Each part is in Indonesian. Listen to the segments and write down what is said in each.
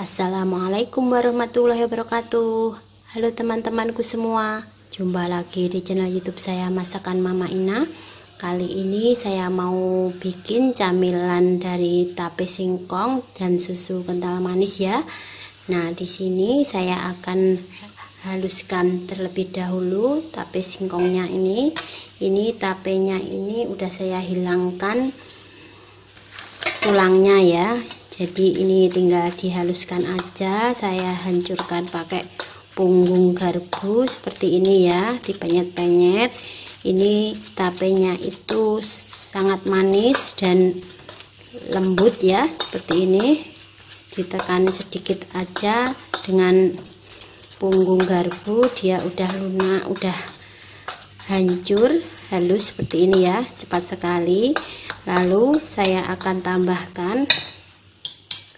Assalamualaikum warahmatullahi wabarakatuh Halo teman-temanku semua Jumpa lagi di channel youtube saya Masakan Mama Ina Kali ini saya mau bikin camilan dari tape singkong dan susu kental manis ya Nah di sini saya akan haluskan terlebih dahulu tape singkongnya ini ini tapenya ini udah saya hilangkan tulangnya ya jadi ini tinggal dihaluskan aja saya hancurkan pakai punggung garpu seperti ini ya dipenyet-penyet ini tapenya itu sangat manis dan lembut ya seperti ini ditekan sedikit aja dengan punggung garpu dia udah lunak udah hancur halus seperti ini ya cepat sekali lalu saya akan tambahkan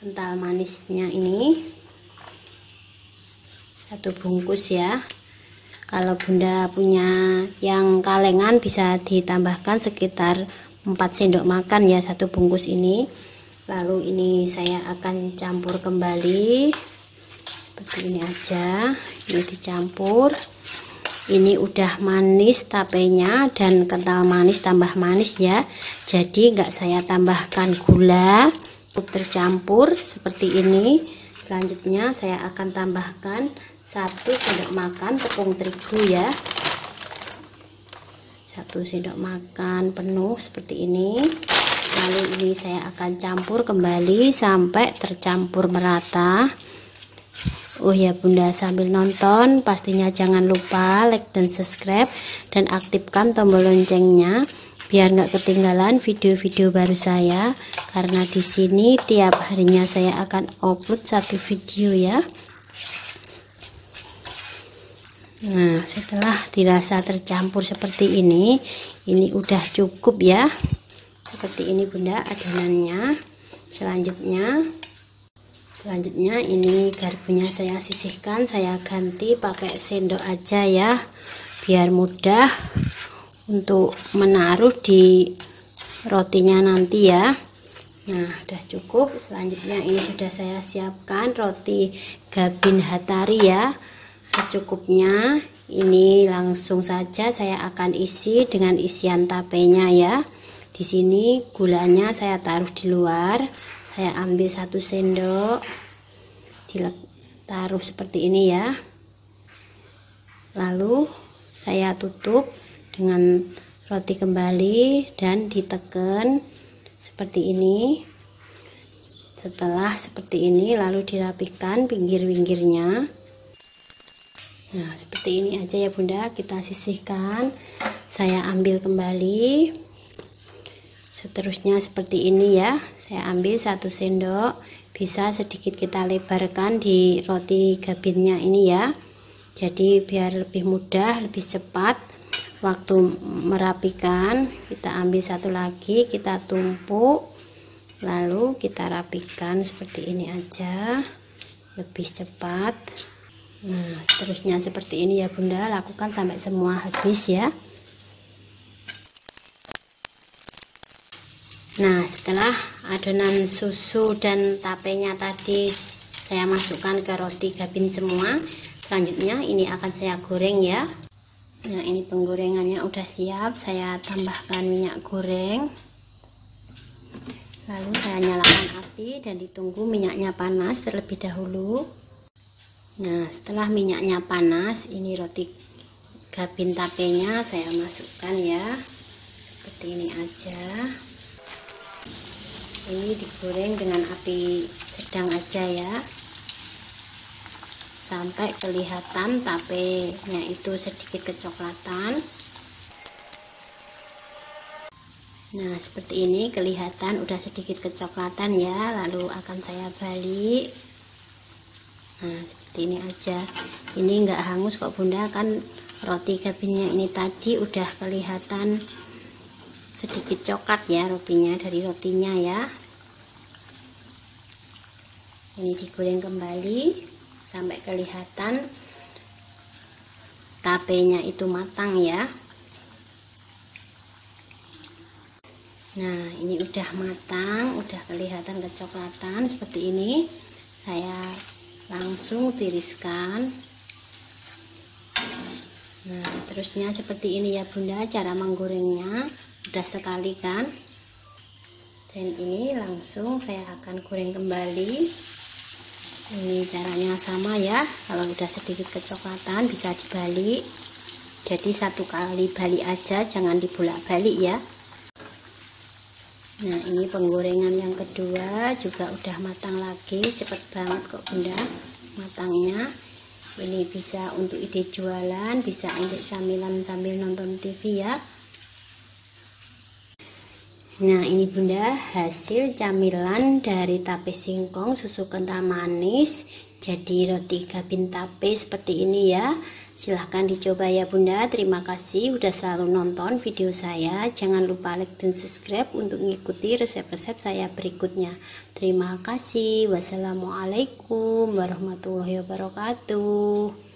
kental manisnya ini satu bungkus ya kalau bunda punya yang kalengan bisa ditambahkan sekitar 4 sendok makan ya satu bungkus ini lalu ini saya akan campur kembali seperti ini aja ini dicampur ini udah manis tapenya dan kental manis tambah manis ya jadi nggak saya tambahkan gula tercampur seperti ini selanjutnya saya akan tambahkan satu sendok makan tepung terigu ya satu sendok makan penuh seperti ini lalu ini saya akan campur kembali sampai tercampur merata Oh ya bunda sambil nonton pastinya jangan lupa like dan subscribe dan aktifkan tombol loncengnya biar nggak ketinggalan video-video baru saya karena di sini tiap harinya saya akan upload satu video ya Nah setelah dirasa tercampur seperti ini ini udah cukup ya seperti ini bunda adonannya selanjutnya selanjutnya ini garpunya saya sisihkan saya ganti pakai sendok aja ya biar mudah untuk menaruh di rotinya nanti ya nah sudah cukup selanjutnya ini sudah saya siapkan roti gabin hatari ya secukupnya ini langsung saja saya akan isi dengan isian tapenya ya di sini gulanya saya taruh di luar saya ambil satu sendok taruh seperti ini ya lalu saya tutup dengan roti kembali dan ditekan seperti ini setelah seperti ini lalu dirapikan pinggir-pinggirnya nah seperti ini aja ya bunda kita sisihkan saya ambil kembali seterusnya seperti ini ya saya ambil satu sendok bisa sedikit kita lebarkan di roti gabinnya ini ya jadi biar lebih mudah lebih cepat waktu merapikan kita ambil satu lagi kita tumpuk lalu kita rapikan seperti ini aja lebih cepat nah seterusnya seperti ini ya bunda lakukan sampai semua habis ya nah setelah adonan susu dan tapenya tadi saya masukkan ke roti gabin semua selanjutnya ini akan saya goreng ya nah ini penggorengannya udah siap saya tambahkan minyak goreng lalu saya nyalakan api dan ditunggu minyaknya panas terlebih dahulu nah setelah minyaknya panas ini roti gabin tapenya saya masukkan ya seperti ini aja ini digoreng dengan api sedang aja ya sampai kelihatan tapenya itu sedikit kecoklatan nah seperti ini kelihatan udah sedikit kecoklatan ya lalu akan saya balik nah seperti ini aja ini enggak hangus kok bunda kan roti gabinnya ini tadi udah kelihatan sedikit coklat ya rotinya dari rotinya ya ini digoreng kembali sampai kelihatan tapenya itu matang ya nah ini udah matang udah kelihatan kecoklatan seperti ini saya langsung tiriskan nah seterusnya seperti ini ya bunda cara menggorengnya udah sekali kan dan ini langsung saya akan goreng kembali ini caranya sama ya kalau udah sedikit kecoklatan bisa dibalik jadi satu kali balik aja jangan dibolak-balik ya nah ini penggorengan yang kedua juga udah matang lagi cepet banget kok bunda matangnya ini bisa untuk ide jualan bisa untuk camilan sambil nonton TV ya Nah ini bunda hasil camilan dari tape singkong susu kental manis jadi roti gabin tape seperti ini ya silahkan dicoba ya bunda terima kasih udah selalu nonton video saya jangan lupa like dan subscribe untuk mengikuti resep-resep saya berikutnya terima kasih wassalamualaikum warahmatullahi wabarakatuh